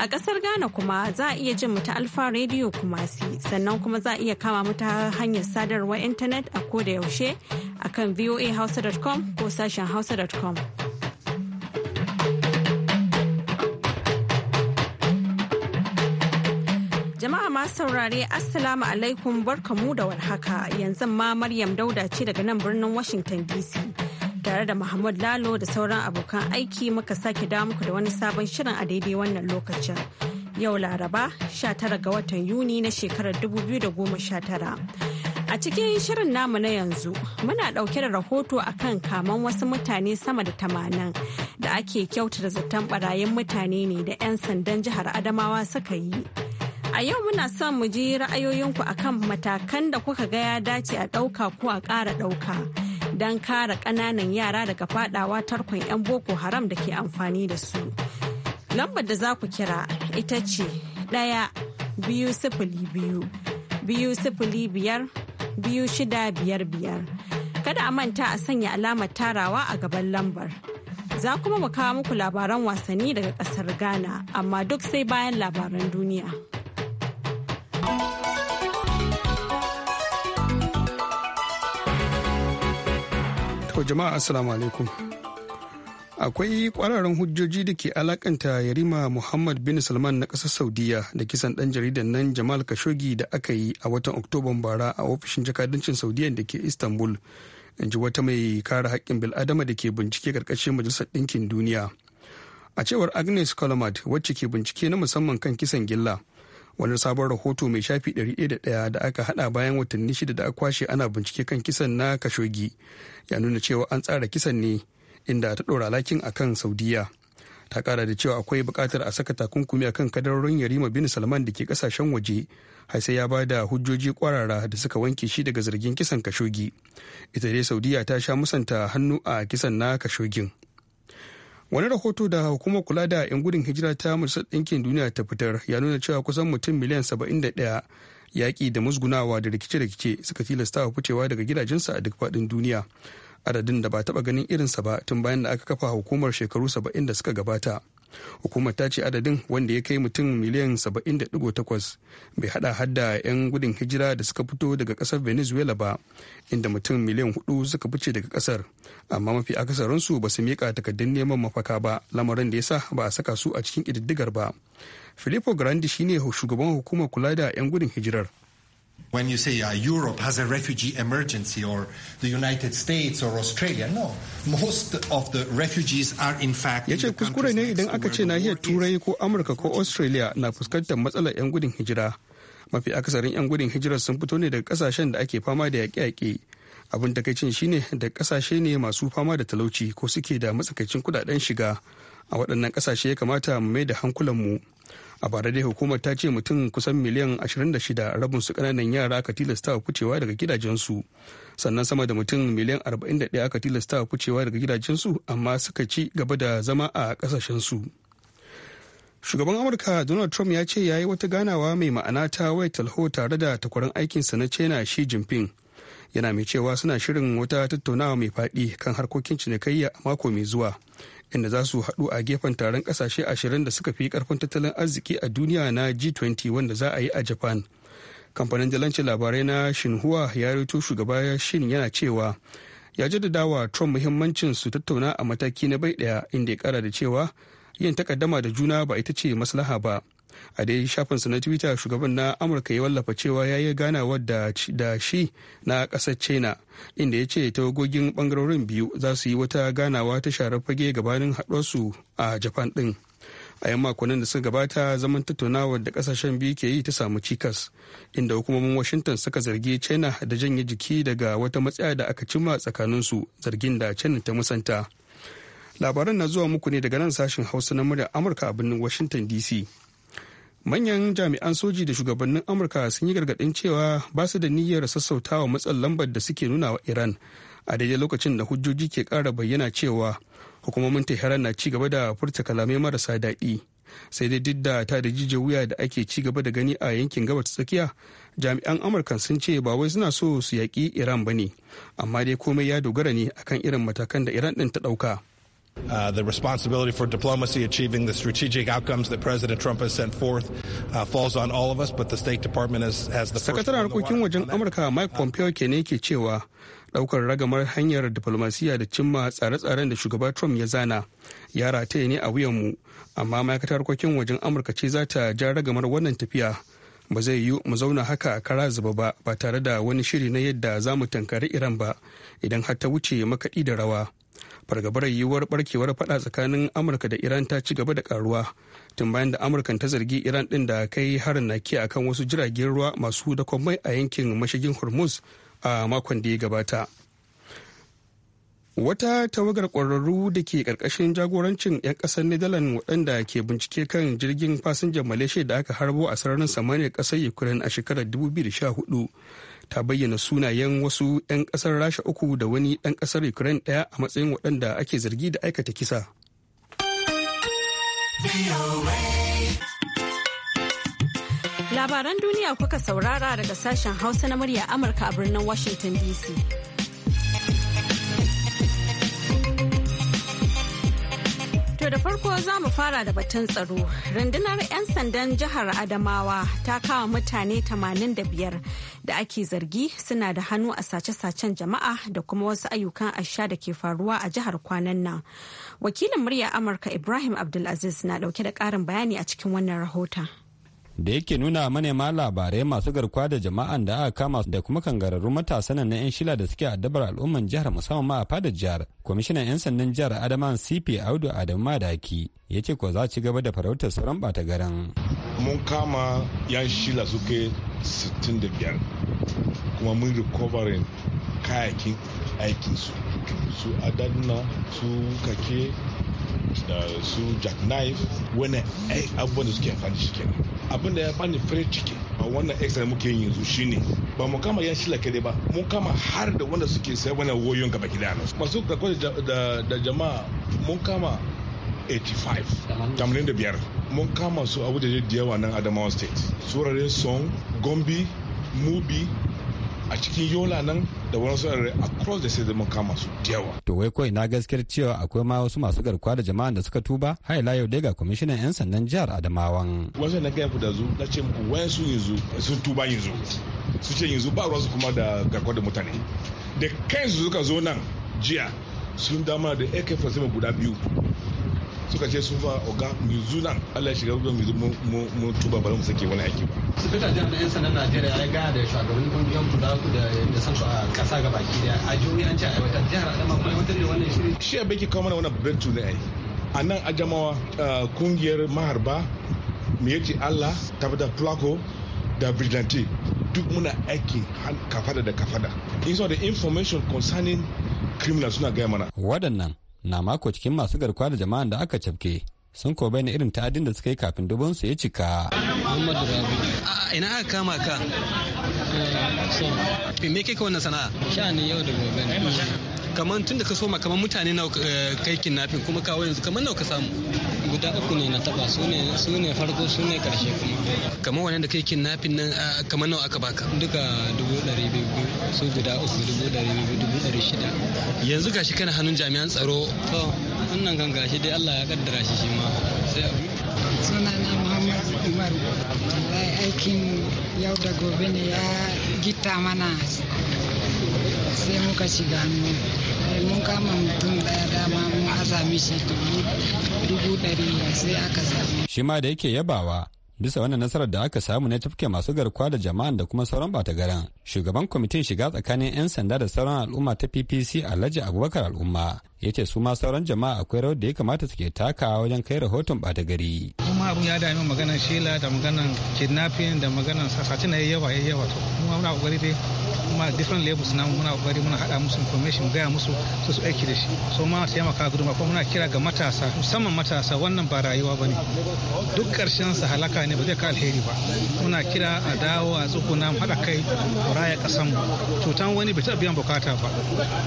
A ƙasar Ghana kuma za a iya jin mu ta Alfa Radio Kumasi sannan kuma za a iya kama mu ta hanyar sadarwar intanet a koda yaushe a kan voahausa.com ko sashen hausa.com. Jama'a masu saurare Assalamu alaikum barkamu da warhaka yanzu ma Maryam Dauda ce daga nan birnin Washington DC. tare da Muhammad Lalo da sauran abokan aiki muka sake dawo muku da wani sabon shirin a daidai wannan lokacin. Yau Laraba 19 ga watan Yuni na shekarar 2019. A cikin shirin namu na yanzu muna ɗauke da rahoto akan kaman wasu mutane sama da tamanin da ake kyautata zaton barayin mutane ne da 'yan sandan jihar Adamawa suka yi. A yau muna son mu ji ra'ayoyinku akan matakan da kuka ga ya dace a ɗauka ko a ƙara ɗauka don kare ƙananan yara daga fadawa tarkon 'yan boko haram da ke amfani da su lambar da za ku kira ita ce ɗaya biyu sifili biyu biyu sifili biyar biyu shida biyar biyar kada a manta a sanya alamar tarawa a gaban lambar za kuma mu kawo muku labaran wasanni daga ƙasar ghana amma duk sai bayan labaran duniya. To jama'a assalamu alaikum. Akwai kwararan hujjoji da ke alakanta Yarima Muhammad bin Salman na ƙasar Saudiya da kisan ɗan jaridan nan Jamal Khashoggi da aka yi a watan Oktoban bara a ofishin jakadancin Saudiya da ke Istanbul. In ji wata mai kare haƙƙin bil'adama da ke bincike ƙarƙashin Majalisar Ɗinkin Duniya. A cewar Agnes Colomat wacce ke bincike na musamman kan kisan gilla. wani sabon rahoto mai shafi 101 da aka hada bayan watanni shida da aka ana bincike kan kisan na kashogi ya nuna cewa an tsara kisan ne inda ta ɗora lakin a kan saudiya ta kara da cewa akwai bukatar a saka takunkumi a kan kadarorin yarima bin salman da ke kasashen waje har sai ya ba da hujjoji kwarara da suka wanke shi daga zargin kisan kashogi ita dai saudiya ta sha musanta hannu a kisan na kashogin wani rahoto da hukumar kula da 'yan gudun hijira ta majalisar ɗinkin duniya ta fitar ya nuna cewa kusan mutum miliyan 71 yaƙi da musgunawa da rikice-rikice suka tilasta wa ficewa daga gidajensa a duk faɗin duniya adadin da ba taba ganin irinsa ba tun bayan da aka kafa hukumar shekaru saba'in da suka gabata hukumar ta ce adadin wanda ya kai mutum miliyan 70.8 bai hada hadda 'yan gudun hijira da suka fito daga kasar venezuela ba inda mutum miliyan 4 suka fice daga kasar amma mafi akasarinsu ba su miƙa takardun neman mafaka ba lamarin da ya sa ba a saka su a cikin ƙididdigar ba filippo grandi shine shugaban hukumar kula da 'yan gudun hijirar when you say uh, Europe has a refugee emergency or the United States or Australia. No, most of the refugees are in fact. kuskure ne idan aka ce nahiyar Turai ko Amurka ko Australia na fuskantar matsalar 'yan gudun hijira. Mafi akasarin 'yan gudun hijirar sun fito ne daga kasashen da ake fama da yaƙe-yaƙe. Abin takaicin shine da kasashe ne masu fama da talauci ko suke da matsakaicin kudaden shiga. A waɗannan kasashe ya kamata mu mai da hankulanmu. mu. a bara dai hukumar ta ce mutum kusan miliyan 26 rabin su kananan yara aka tilasta kucewa daga gidajensu sannan sama da mutum miliyan 41 aka tilasta kucewa daga gidajensu amma suka ci gaba da zama a kasashensu shugaban amurka donald trump ya ce ya yi wata ganawa mai ma'ana ta wai talho tare da takwaran aikinsa na china shi jinping yana mai cewa suna shirin wata tattaunawa mai faɗi kan harkokin cinikayya a mako mai zuwa inda za su haɗu a gefen taron ƙasashe ashirin da suka fi ƙarfin tattalin arziki a duniya na G20 wanda za a yi a Japan. Kamfanin jalancin labarai na Shinhua ya rito shugaba Shin yana cewa ya jaddada wa Trump muhimmancin su tattauna a mataki na bai ɗaya inda ya kara da cewa yin takaddama da juna ba ita ce maslaha ba a dai shafinsa na twitter shugaban na amurka ya wallafa cewa ya yi ganawa da shi na ƙasar china inda ya ce tawagogin bangarorin biyu za su yi wata ganawa ta sharar fage gabanin haɗuwarsu a japan ɗin a yan makonnin da suka gabata zaman tattaunawar da kasashen biyu ke yi ta samu cikas inda hukumomin washington suka zargi china da janye jiki daga wata matsaya da aka cimma su zargin da china ta musanta labaran na zuwa muku ne daga nan sashen hausa na murya amurka a birnin washington dc manyan jami'an soji da shugabannin amurka sun yi gargaɗin cewa ba su da niyyar sassautawa matsin lambar da suke nuna wa iran a daidai lokacin da hujjoji ke ƙara bayyana cewa hukumomin tehran na ci gaba da furta kalamai marasa daɗi sai dai duk da ta da jije wuya da ake ci gaba da gani a yankin gabas tsakiya jami'an amurka sun ce ba wai suna so su yaƙi iran ba ne amma dai komai ya dogara ne akan irin matakan da iran ɗin ta ɗauka Uh, the responsibility for diplomacy, achieving the strategic outcomes that President Trump has sent forth, uh, falls on all of us, but the State Department has, has the Sakataren harkokin wajen Amurka Mike Pompeo ke ne ke cewa daukar ragamar hanyar diplomasiya da cimma tsare-tsaren da shugaba Trump ya zana ya rataye ne a wuyanmu, amma ma'aikatar harkokin wajen Amurka ce za ta ja ragamar wannan tafiya. Ba zai yiwu mu zauna haka a kara zuba ba ba tare da wani shiri na yadda za mu tankari Iran ba idan har ta wuce makaɗi da rawa. fargabar yiwuwar barkewar fada tsakanin amurka da iran ta ci gaba da karuwa tun bayan da amurkan ta zargi iran din da kai harin naki akan wasu jiragen ruwa masu dakon mai a yankin mashigin hormuz a makon da ya gabata wata tawagar kwararru da ke karkashin jagorancin 'yan kasar nidalan waɗanda ke bincike kan jirgin fasinjan malaysia da aka harbo a sararin samaniyar ƙasar ukraine a shekarar 2014 ta bayyana sunayen wasu 'yan kasar rasha uku da wani ɗan kasar ukraine ɗaya a matsayin waɗanda ake zargi da aikata kisa labaran duniya kuka saurara daga sashen hausa na murya amurka a birnin washington dc da farko za mu fara da batun tsaro. Rundunar 'yan sandan jihar Adamawa ta kama mutane 85 da ake zargi suna da hannu a sace-sacen jama'a da kuma wasu ayyukan asha da ke faruwa a jihar kwanan nan. Wakilin murya Amurka Ibrahim Abdulaziz na dauke da karin bayani a cikin wannan rahoton. da yake nuna manema labarai masu garkuwa da jama'an da aka kama da kuma kangararru matasan na 'yan shila da suke addabar al'umman jihar musamman ma a fadar jihar kwamishinan 'yan sandan jihar adama cp audu adamu madaki ya ce ko za ci gaba da farautar sauran bata garin mun kama 'yan shila suke 65 kuma mun recovering kayakin aikinsu su adaduna su kake su jackknife wani abubuwan da suke amfani shi kenan abin da ya bani fire ciki a wannan extra muke yin yanzu shine ba mu kama yan shila kai ba mun kama har da wanda suke sai wani wayoyin gaba gida na masu kakwa da jama'a mun kama 85 85 mun kama su a wajeje da yawa nan adamawa state suraren song gombi mubi a cikin yola nan da wasu across the state mun kama su diyawa. yawa. To wai kawai na gaskiyar cewa akwai ma wasu masu garkuwa da jama'an da suka tuba har layo dai ga kwamishinan 'yan sandan jihar Adamawan. Wasu na gaya da zu na ce muku wayan su yanzu sun tuba yanzu su ce yanzu ba ruwansu kuma da garkuwa da mutane. Da su suka zo nan jiya sun dama da AK-47 guda biyu suka ce su ba oga mu zunan Allah shiga gudun mu mu tuba ba mu sake wani aiki ba sifita jam da yan sanar Najeriya ya gaya da shugabannin kungiyoyin guda ku da da san su a kasa gaba ki da a jihohi an ce a wata jihar Adama kuma wata da wannan shiri shi ya baki kawo mana wannan breakthrough ne ai a nan Adamawa eh, kungiyar maharba me yace Allah tabbata Plako da vigilante duk muna aiki kafada da kafada in so information concerning criminals suna gaya mana waɗannan na mako cikin masu garkuwa da jama'an da aka cafke sun ko bayyana irin ta'adin da suka yi kafin dubansu ya cika. ina aka kama ka? me kai ka wannan sana'a ne yau da gobe kamar tun da ka soma kamar mutane na eh, kai kidnapping kuma kawo yanzu kamar nawa ka samu guda uku ne na taba su ne su ne farko su ne karshe kuma kamar wannan da kai kidnapping nan kamar nawa aka baka duka dubu ɗari biyu su guda uku dubu ɗari biyu dubu ɗari shida yanzu gashi kana hannun jami'an tsaro to wannan kan gashi dai Allah ya kaddara shi shi ma sai abu sunana Muhammad Umar aikin yau da gobe ne ya gita mana sai muka shiga hannu eh, mun kama mutum daya dama mun azami shi dubu dari sai aka shi ma da yake yabawa bisa wannan nasarar da aka samu na tafke masu garkuwa da jama'a da kuma sauran bata garan shugaban kwamitin shiga tsakanin 'yan sanda da sauran al'umma ta ppc alhaji abubakar al'umma ya ce su ma sauran jama'a akwai rawar da ya kamata suke takawa wajen kai rahoton bata gari abun ya dami maganan shela da maganan kidnapping da maganan sasace na yawa yawa to kuma muna kokari dai kuma different levels na muna bari muna hada musu information gaya musu su su aiki da shi so ma sai maka guduma kuma muna kira ga matasa musamman matasa wannan ba rayuwa bane duk karshen sa halaka ne ba zai ka alheri ba muna kira a dawo a tsukuna mu hada kai raya kasan mu cutan wani bai taɓa biyan bukata ba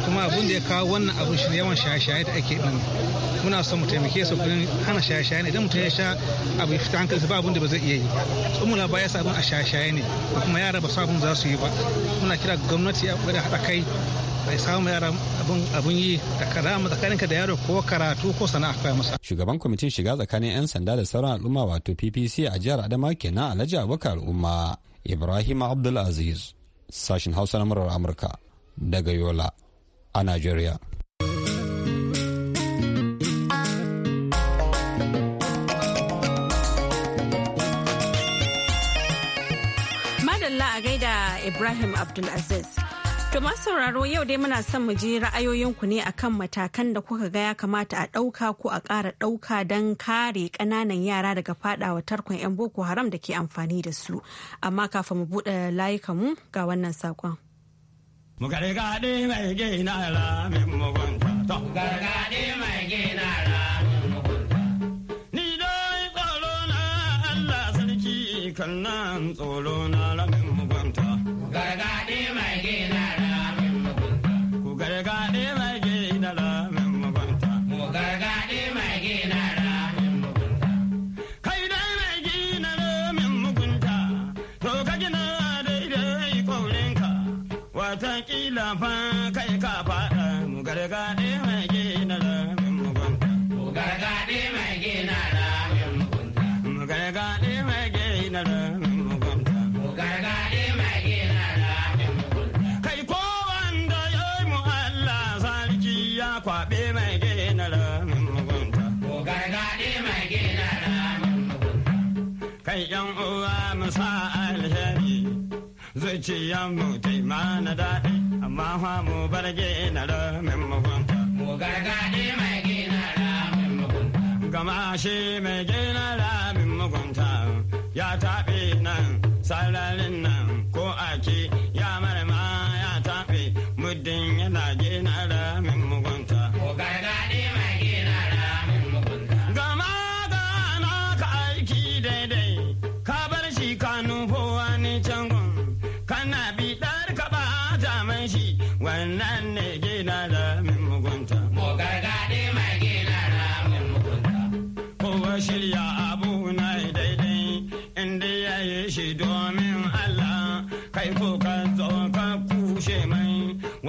kuma abun da ya kawo wannan abun shi yawan shaye-shaye da ake din muna son mu taimake su gurin hana shaye-shaye ne idan mutum ya sha abu ya fita hankali ba abun da ba zai iya yi ba umula ba ya sa abun a shaye-shaye ne kuma yara ba sabon za su yi ba muna kira gwamnati ya kokarin haɗa kai bai samu yara abun yi da karama tsakaninka da yaro ko karatu ko sana'a koya masa. Shugaban kwamitin shiga tsakanin 'yan sanda da sauran al'umma wato PPC a jihar Adama kenan Alhaji Abubakar al'umma. Ibrahim AbdulAziz sashin Hausa na murar Amurka daga Yola a Najeriya. a gaida Ibrahim Abdulaziz. To masu sauraro yau dai muna son mu ji ra'ayoyinku ne akan matakan da kuka ga ya kamata a ɗauka ko a ƙara ɗauka don kare ƙananan yara daga faɗawa tarkon 'yan boko haram da ke amfani da su. Amma kafin mu buɗe layukanmu ga wannan saƙon. Mu mai gina ra, mai mugunta. Gargaɗe mai gina ra. sannan tsoro na lamin mugunta. Gargaɗi mai gina zuciyanmu ta mana daɗi amma fa mu bar gina ramin mugunta. Mu gargaɗi mai gina ramin mugunta. Gama shi mai gina ramin mugunta ya taɓe nan sararin nan ko ake ya marama ya taɓe muddin yana gina ramin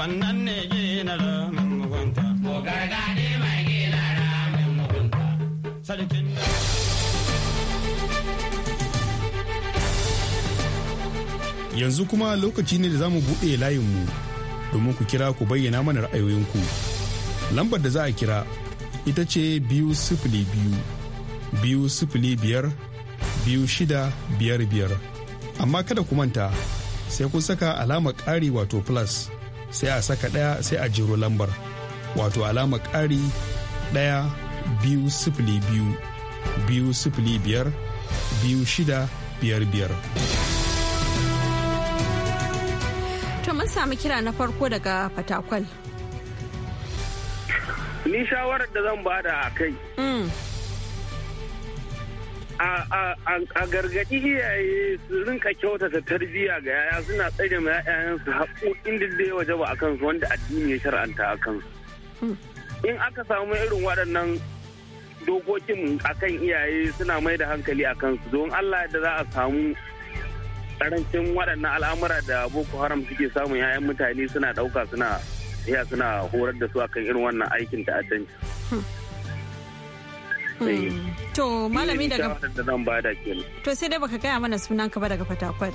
wannan ne gina ramin mugunta. mai gina ramin mugunta. Sarkin Yanzu kuma lokaci ne da za mu buɗe layinmu domin ku kira ku bayyana mana ra'ayoyinku. Lambar da za a kira ita ce biyu sifili biyu, biyu sifili biyar, biyu shida biyar biyar. Amma kada ku manta sai kun saka alama ƙari wato plus sai a saka ɗaya sai a jiro lambar wato alama ƙari ɗaya biyu sifili biyu biyu sifili biyar biyu shida biyar biyar. To mun sami kira na farko daga Fatakwal. Ni shawarar da zan bada a kai. Mm. a gargaɗi iyaye su rinka kyautata tarbiyya ga yaya suna tsare ma yayansu haƙoƙin duk da ya waje ba a kansu wanda addini ya shar'anta a kansu hmm. in aka samu irin waɗannan dokokin akan iyaye suna mai da hankali a kansu don allah da za a samu ƙarancin waɗannan al'amura da boko haram suke samun 'ya'yan mutane suna ɗauka suna iya suna horar da su akan irin wannan aikin ta'addanci. Hmm. Hmm. to malami daga zan to sai dai baka gaya mana sunan ka ba daga fatakwal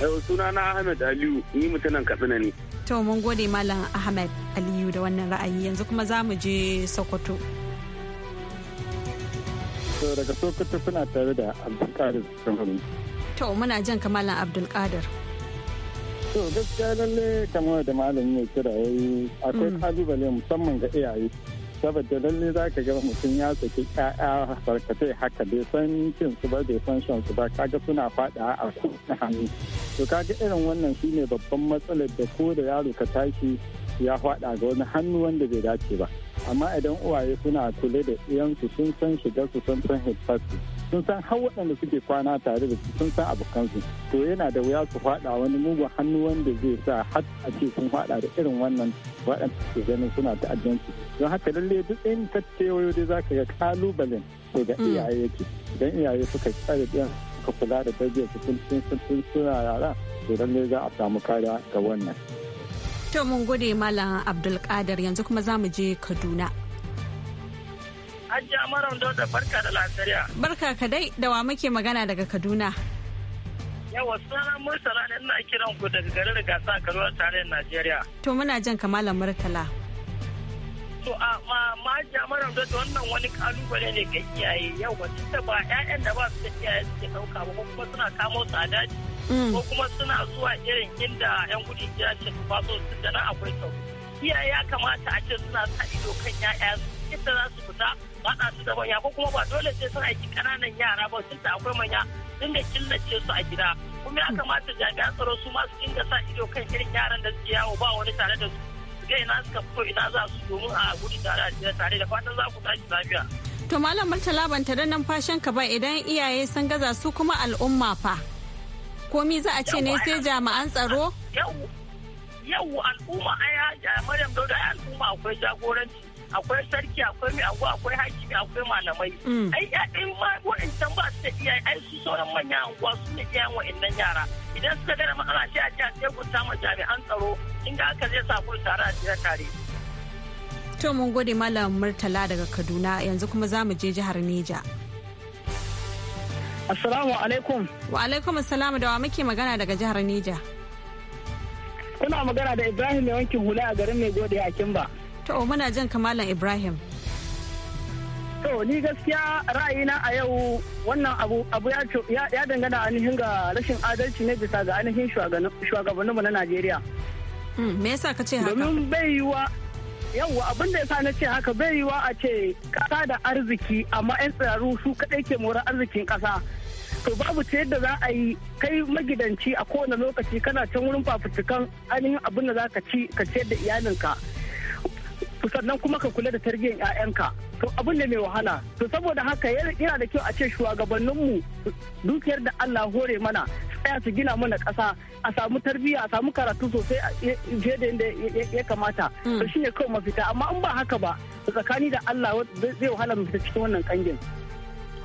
Eh suna na ahmed aliyu ni mutanen katsina ne to mun gode malam ahmed aliyu da wannan ra'ayi yanzu kuma za mu je sokoto to daga sokoto suna tare da abdulkadir samaru to muna jan ka malam abdulkadir to gaskiya lalle kamar da malamin ya kira yayi akwai hmm. kalubale musamman ga iyaye saboda lalle za ka ga mutum ya saki ƴaƴa barkatai haka bai san cin su ba bai san shan su ba kaga suna faɗa a kowane hannu to kaga irin wannan shine babban matsalar da ko da yaro ka tashi ya faɗa ga wani hannu wanda bai dace ba amma idan uwaye suna kula da iyansu sun san shigar su sun san hifarsu sun san har waɗanda suke kwana tare da su sun san abokansu to yana da wuya su faɗa wani mugun hannu wanda zai sa har a ce sun faɗa da irin wannan waɗanda suke ganin suna ta'addanci don haka lalle duk in ta dai zaka ga kalubalen to ga hmm. iyaye yake idan iyaye suka tsare ɗin suka kula da tarbiyyar su sun suna yara to lalle za a samu kariya ga wannan. To mun gode Malam Abdulkadir yanzu kuma za mu je Kaduna. Hajji Amaram da barka da lafiya. Barka ka dai da wa muke magana daga Kaduna. Yawa sunana Murtala ne ina kiran ku daga garin Gasa Kaduna tarayyar Najeriya. To muna jan ka Malam Murtala. to amma ma jama'a da wannan wani kalubale ne ga iyaye yau ba da ba ƴaƴan da ba su da iyaye suke ɗauka ba kuma suna kamo su a daji mm. ko kuma suna zuwa irin inda yan gudun gida ce ba so su da nan akwai sau iyaye ya kamata a ce suna sa ido kan ƴaƴa su inda za su fita ba a su da manya ko kuma ba dole sai suna aiki kananan yara ba tun da akwai manya dinga killace su a gida kuma ya kamata jami'an tsaro su ma su dinga sa ido kan irin yaran da suke yawo ba wani tare da su kai na suka fito ina za su domin a gudu tare a tare da fatan za ku tashi lafiya. To Malam Murtala ban ta dannan fashin ka ba idan iyaye sun gaza su kuma al'umma fa. Komi za a ce ne sai jami'an tsaro? Yau al'umma aya Maryam Dauda al'umma akwai jagoranci akwai sarki akwai mai abuwa akwai hakimi akwai malamai mm. ai in ma wa'ancan ba su da iyaye ai su sauran manya anguwa su ne iyayen wa'annan yara idan suka gara matsala sai a ji a ku ma jami'an tsaro inda aka zai sa ku tare a jira tare. To mun gode Malam Murtala daga Kaduna yanzu kuma za mu je jihar Neja. Assalamu alaikum. Wa alaikum assalamu da wa muke magana daga jihar Neja. Kuna magana da Ibrahim mai wankin hula a garin mai gode a Kimba. To muna jan kamalan Ibrahim. To ni gaskiya ra'ayina a yau wannan abu abu ya dangana ainihin ga rashin adalci ne bisa ga ainihin shugabanninmu na Najeriya. Hmm, me yasa ka ce haka? Domin bai yi wa yawwa abin da yasa na ce haka bai yi wa a ce kasa da arziki amma 'yan tsiraru su kaɗai ke mora arzikin kasa. To babu ce yadda za a yi kai magidanci a kowane lokaci kana can wurin fafutukan ainihin abin da za ka ci ka ciyar da iyalinka. to sannan kuma ka kula da tarbiyyar 'ya'yanka to abin da mai wahala to saboda haka yana da kyau a ce mu dukiyar da Allah hore mana tsaya su gina mana ƙasa a samu tarbiyya a samu karatu sosai fiye da yadda ya kamata mm. to shine kawai mafita amma in ba haka ba tsakani da Allah zai wahala mu fita cikin wannan kangin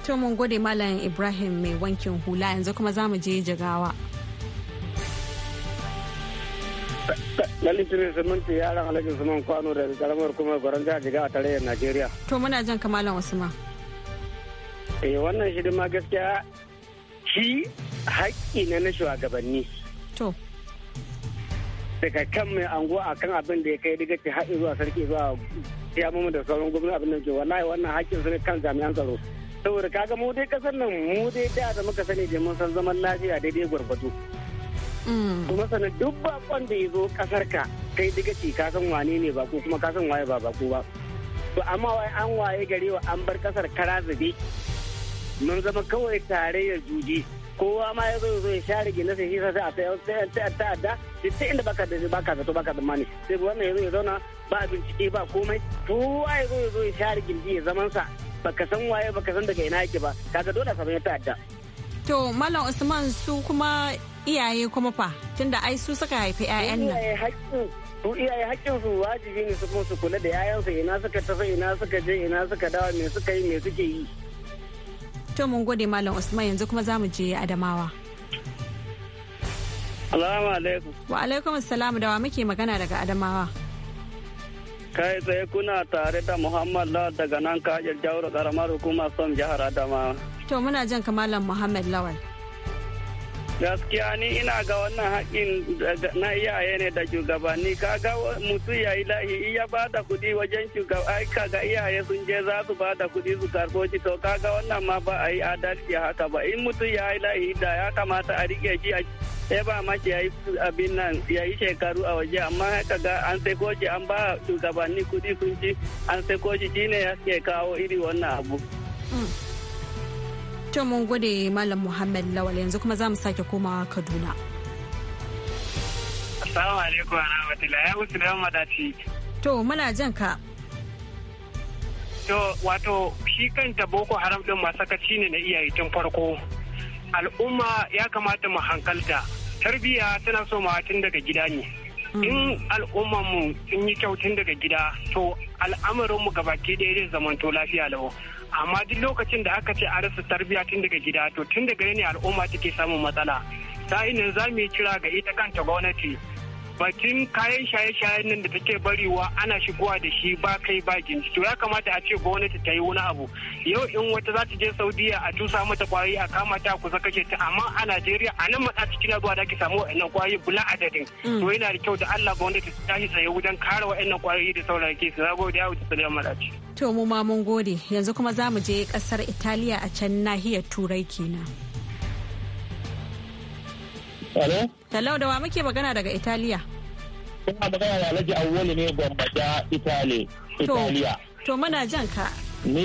to mun gode malam Ibrahim mai wankin hula yanzu kuma za mu je jagawa Lalitin Siminti ya yaran Alhaji Usman Kwano da karamar kuma gwaron jihar Jigawa tarayyar Najeriya. To muna jan kamala Usman. Eh wannan shi ma gaskiya shi haƙƙi ne na shugabanni. To. Daga kan mai anguwa kan abin da ya kai daga ci haƙƙi zuwa sarki zuwa ya mamu da sauran gwamnati abin da ke wallahi wannan haƙƙin su ne kan jami'an tsaro. Saboda kaga mu dai kasar nan mu dai da muka sani da mun san zaman lafiya daidai gwargwado. Mm. kuma sanar duk bakon da ya zo kasar ka kai diga ci ka san wane ne ba ko kuma ka san waye ba ba ko ba to amma wai an waye gare wa an bar kasar kara zube mun zama kawai tare ya juji kowa ma ya zo zo ya share gina sai shi sai a sai ta'adda sai inda baka da baka to baka mani sai wannan ya zo ya zauna ba bincike ba komai to ya zo ya zo ya share gindi ya zaman sa baka san waye baka san daga ina yake ba kaga dole sabon ya ta'adda to malam usman su kuma iyaye kuma fa tunda ai su suka haifi 'ya'yan nan su iyaye hakkin su wajibi ne su su kula da su ina suka tafi ina suka je ina suka dawo me suka yi me suke yi to mun gode malam usman yanzu kuma zamu je adamawa Salamu alaikum. Wa alaikum assalamu da wa muke magana daga Adamawa. Kai tsaye kuna tare da Muhammad Lawal daga nan ka jawar ƙaramar hukumar son jihar Adamawa. To muna jan malam Muhammad Lawal. gaskiya ni ina ga wannan haƙin na iyaye ne da shugabanni kaga mutum ya ilahi iya ba da kuɗi wajen ka ga iyaye sun je za su ba da kuɗi su karɓo shi to kaga wannan ma ba a yi adalci haka ba in mutu ya ilahi da ya kamata a riƙe shi a sai ba ma ya yi abin nan ya yi shekaru a waje amma haka ga an sai koji an ba shugabanni kuɗi sun ci an sai koji ne ya kawo iri wannan abu. Mm. To mun gode Malam Muhammad Lawal yanzu kuma za mu sake komawa Kaduna. Assalamu alaikum ana rahmatullahi ya wuce da dace To muna jan ka. To wato shi kanta Boko Haram din masakaci ne na iyaye tun farko. Al'umma ya kamata mu hankalta. Tarbiyya tana so tun daga gida ne. Mm. In al'ummanmu sun yi kyau tun daga gida to al'amarinmu gabaki ɗaya zai zamanto lafiya lau. amma duk lokacin da aka ce a rasa tarbiyya tun daga gida to tun daga ne al'umma take samun matsala sa'in nan za mu yi kira ga ita kanta gwamnati bakin kayan shaye-shayen nan da take barewa ana shigowa da shi ba kai ba jinsi to ya kamata a ce gwamnati ta yi wani abu yau in wata za ta je saudiya a tusa mata kwayoyi a kama ta kusa kashe ta amma a najeriya a nan matsa cikin zuwa da ake samu wa'annan kwayoyi bula adadin mm. to yana da kyau da allah gwamnati ta tashi tsaye wajen kare wa'annan kwayoyi da sauran ke su zago da wuce salama malaci. to mu ma mun gode yanzu kuma za mu je kasar italiya a can nahiyar turai kenan. Hello? Hello, da wa muke magana daga Italiya? Ina magana da Alhaji Awolu ne Gwambaja Itali, Italiya. To, muna jan ka. Ni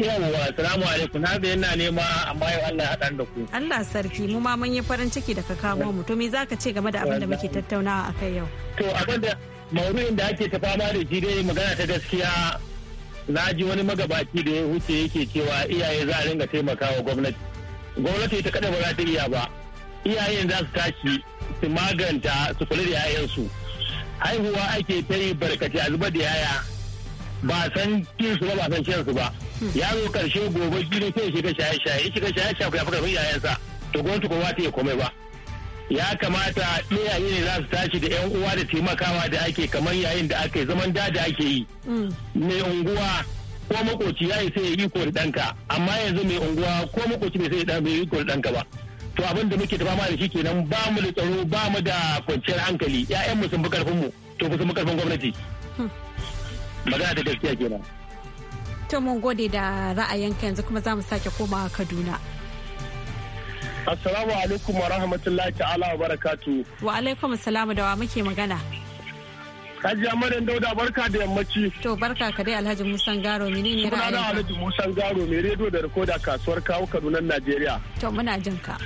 yawwa, salamu alaikum, na zai yana nema amma yau Allah ya da ku. Allah sarki, mu ma mun yi farin ciki da ka kawo mu. To, me za ka ce game da abin da muke tattaunawa a kai yau? To, abin da maudu'in da ake ta fama da shi dai magana ta gaskiya na ji wani magabaci da ya huce yake cewa iyaye za a ringa taimakawa gwamnati. Gwamnati ta kada ba za ta iya ba. iyayen za su tashi su maganta su kula da yayansu haihuwa ake ta yi barkaci a zuba da yaya ba san cin su ba ba san shan su ba yaro karshe gobe gidan sai shiga shaye-shaye shiga shaye-shaye ya fuka yayansa to gwamnati kuma ta yi komai ba ya kamata iyaye ne za su tashi da yan uwa da taimakawa da ake kamar yayin da ake zaman da da ake yi mm. mai unguwa ko makoci ya yi sai ya yi ko da ɗanka amma yanzu mai unguwa ko makoci bai sai ya ko da ɗanka ba to abin da muke tafama da shi kenan ba mu da tsaro ba mu da kwanciyar hankali yayan mu sun fi karfin mu to ku sun karfin gwamnati hmm. magana da gaskiya kenan to mun gode da ra'ayinka yanzu kuma za mu sake komawa Kaduna Assalamu alaikum wa rahmatullahi ta'ala wa barakatu. Wa alaikum assalamu da wa muke magana. Hajiya Maryam Dauda barka da yammaci. To barka ka dai Alhaji Musan Garo menene ra'ayinka? kuna da Alhaji Musan Garo mai rediyo da rikoda kasuwar kawo Kaduna Najeriya. To muna jin ka.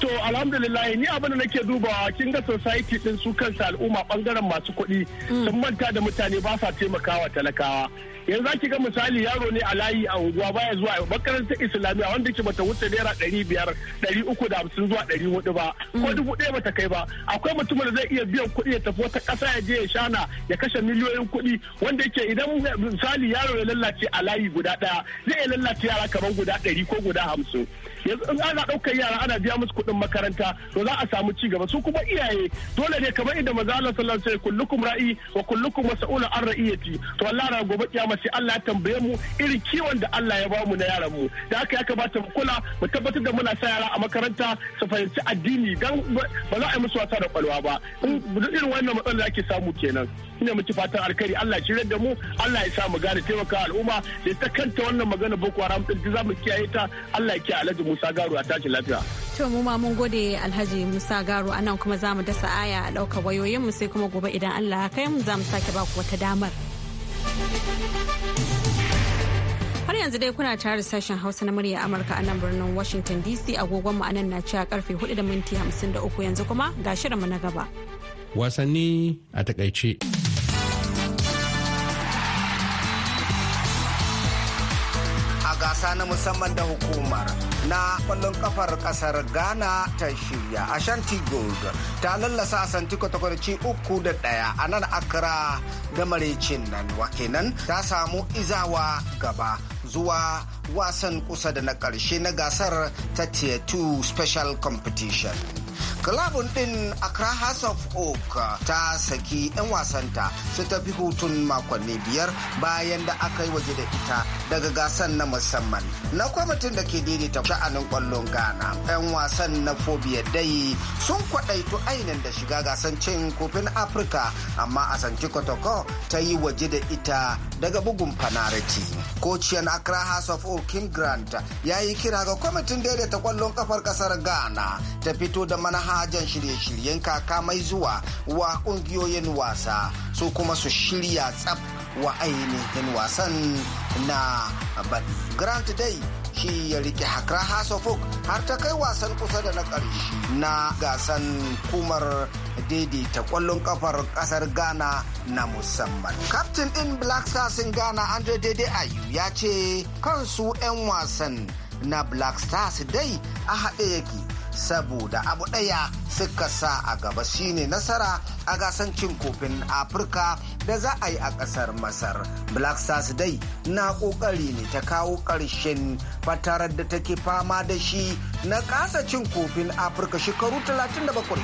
To alhamdulillah ni abin da nake dubawa kin ga society din su kansa al'umma bangaren masu kuɗi mm. sun manta da mutane ba sa taimakawa talakawa. yanzu za ki ga misali yaro ne a layi a unguwa baya zuwa makarantar islamiyya wanda ke bata wuce naira ɗari biyar ɗari uku da hamsin zuwa ɗari hudu ba ko mm. dubu ɗaya bata kai ba akwai mutumin da zai iya biyan kuɗi ya tafi wata ƙasa ya je ya shana ya kashe miliyoyin kuɗi wanda yake idan misali yaro ya lallace a layi guda ɗaya zai iya lallace yara kamar guda ɗari ko guda hamsin yanzu in ana ɗaukar yara ana biya musu kuɗin makaranta to za a samu ci gaba su kuma iyaye dole ne kamar inda maza Allah sallallahu alaihi sai kullukum ra'i wa kullukum mas'ulun an ra'iyati to Allah na gobe kiyama kuma sai Allah ya tambaye mu irin kiwon da Allah ya bamu na yaran mu da haka ya kamata mu kula mu tabbatar da muna sa yara a makaranta su fahimci addini dan ba za a yi musu wasa da kwalwa ba irin wannan matsalar da ake samu kenan ina miki fatan alkari Allah ya shirye da mu Allah ya sa mu gane taimaka al'umma da ta kanta wannan magana Boko Haram din za mu kiyaye ta Allah ya kiyaye Alhaji Musa Garu a tashi lafiya to mu ma mun gode Alhaji Musa Garu anan kuma za mu dasa aya a ɗauka wayoyin mu sai kuma gobe idan Allah ya kai mu za mu sake ba ku wata damar. Har yanzu dai kuna tare da sashen Hausa na murya Amurka a nan birnin Washington DC agogon mu anan na ci a karfe 4 da minti 53 yanzu kuma ga shirinmu na gaba. Wasanni a takaice. gasa na musamman da hukumar na kwallon kafar kasar ghana ta shirya ashanti gold ta lallasa santi kwatakwarci uku da daya a nan akra da marecin nan wakinan ta samu izawa gaba zuwa wasan kusa da na ƙarshe na gasar ta tier 2 special competition Kilabun ɗin Accra House of Oak ta saki 'yan wasanta su tafi hutun makonni biyar bayan da aka yi waje da ita daga gasan na musamman. Na kwamitin da ke daidaita sha'anin kwallon Ghana, 'yan wasan na Fobia dai sun kwaɗaitu ainin da shiga gasan cin kofin Afirka, amma a Santi Kotoko ta yi waje da ita daga bugun fanarati. Kociyan Accra House of Oak King Grant ya yi kira ga kwamitin daidaita kwallon kafar kasar Ghana ta fito da manhajan shirye-shiryen kaka mai zuwa wa kungiyoyin wasa su kuma su shirya tsaf wa ainihin wasan na bani Grant dai shi ya rike Accra House of Oak har ta kai wasan kusa da na ƙarshe na gasan kumar daidaita kwallon kafar kasar ghana na musamman kaftin din black stars in ghana andre daidai ayu ya ce kansu 'yan wasan na black stars dai a haɗe yake saboda abu ɗaya suka sa a gaba shine nasara a gasancin kofin afirka da za a yi a ƙasar Masar. Black Stars dai na ƙoƙari ne ta kawo ƙarshen fatarar da take fama da shi na ƙasa cin kofin Afirka shekaru 37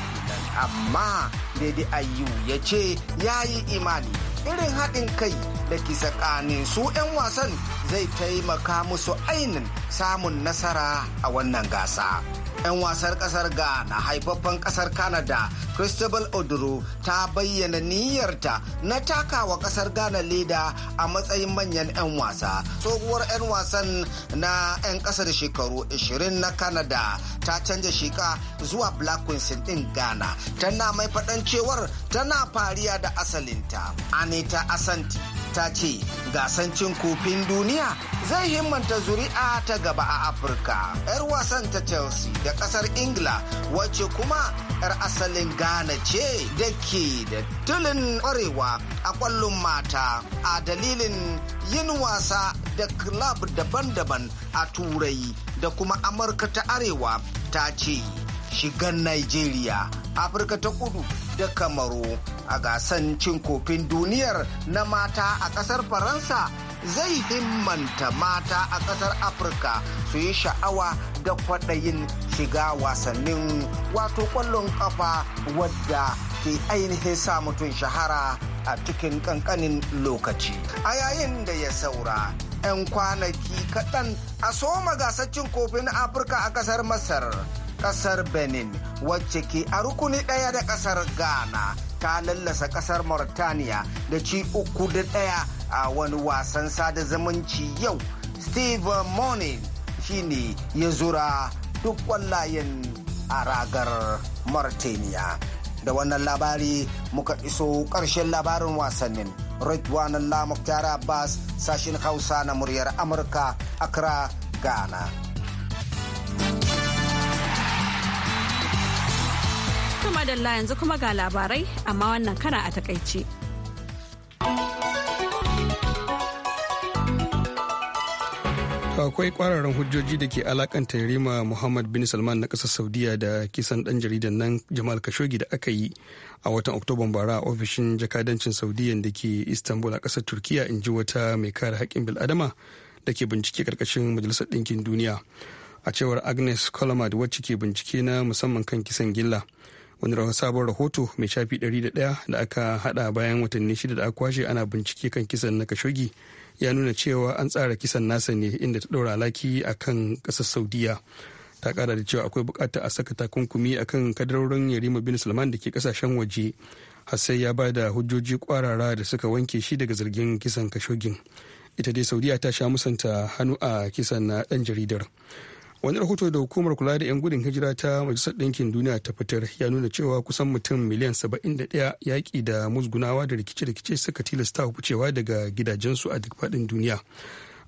amma Dede Ayu ya ce ya yi imani irin haɗin kai da ke tsakanin su 'yan wasan zai taimaka musu ainin samun nasara a wannan gasa. 'yan wasar kasar ghana haifaffen kasar canada christabel oduro ta bayyana niyyarta na takawa kasar ghana leda a matsayin manyan 'yan wasa tsohuwar 'yan wasan na 'yan kasar shekaru 20 na canada ta canza shika zuwa black queens din ghana tana mai faɗan cewar tana fariya da asalinta anita asanti ta ce gasan cin kofin duniya zai himmanta zuri'a ta gaba a afirka 'yar wasan ta chelsea da kasar ingila wacce kuma 'yar asalin ghana ce da ke da tulin kwarewa a kwallon mata a dalilin yin wasa da club daban-daban a turai da kuma amurka ta arewa ta ce shigan nigeria afirka ta kudu da kamaru a gasan cin kofin duniyar na mata a kasar faransa zai himmanta mata a ƙasar afirka su yi sha'awa da kwaɗayin shiga wasannin wato ƙwallon ƙafa wadda ke ainihin sa mutum shahara a cikin ƙanƙanin lokaci a yayin da ya saura 'yan kwanaki kaɗan a soma gasar cin kofin afirka a ƙasar masar ƙasar benin wacce ke a rukuni ɗaya da ƙasar ghana ta lallasa ƙasar mauritania da ci uku da ɗaya a wani wasan sada zumunci yau steve morning ne ya zura duk kwallayen a ragar martaniya Da wannan labari muka iso ƙarshen labarin wasannin. Ridwan Allah Mukhtar Abbas sashin Hausa na muryar Amurka, Accra, Ghana. Kuma da yanzu kuma ga labarai amma wannan kana a takaice. akwai kwararan hujjoji da ke alakanta yarima muhammad bin salman na kasar saudiya da kisan dan jaridan nan jamal kashogi da aka yi a watan oktoban bara a ofishin jakadancin saudiya da ke istanbul a kasar turkiya in ji wata mai kare haƙƙin bil'adama da ke bincike karkashin majalisar ɗinkin duniya a cewar agnes colomad wacce ke bincike na musamman kan kisan gilla wani sabon rahoto mai shafi 101 da aka hada bayan watanni shida da aka kwashe ana bincike kan kisan na kashogi ya nuna cewa an tsara kisan nasa ne inda ta ɗora laki a kan ƙasar saudiya ta ƙara da cewa akwai buƙatar a saka takunkumi a kan kadarorin yarima bin salman da ke ƙasashen waje har ya ba da hujjoji ƙwarara da suka wanke shi daga zargin kisan kashogin ita dai saudiya ta sha musanta hannu a kisan na ɗan jaridar wani rahoto da hukumar kula da 'yan gudun hijira ta majalisar ɗinkin duniya ta fitar ya nuna cewa kusan mutum miliyan 71 yaƙi da musgunawa da rikice-rikice suka tilasta ficewa daga gidajensu a duk faɗin duniya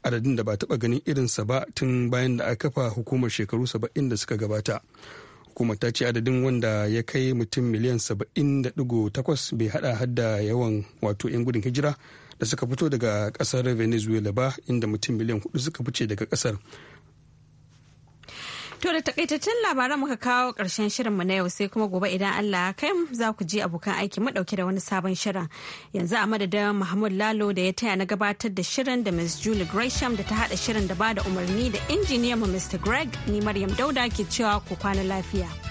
adadin da ba taɓa ganin irinsa ba tun bayan da aka kafa hukumar shekaru 70 da suka gabata hukumar ta ce adadin wanda ya kai mutum miliyan 70.8 bai hada hadda yawan wato 'yan gudun hijira da suka fito daga kasar venezuela ba inda mutum miliyan 4 suka fice daga kasar To da takaitaccen labaran muka kawo ƙarshen shirinmu na yau sai kuma gobe idan Allah ya kai za ku ji abokan aiki madauke da wani sabon shirin. Yanzu a madadin Muhammad Lalo da ya taya na gabatar da shirin da Ms. Julie Gresham da ta haɗa shirin da ba da umarni da injiniyan Mr. Greg ni Maryam Dauda ke cewa ku kwana lafiya.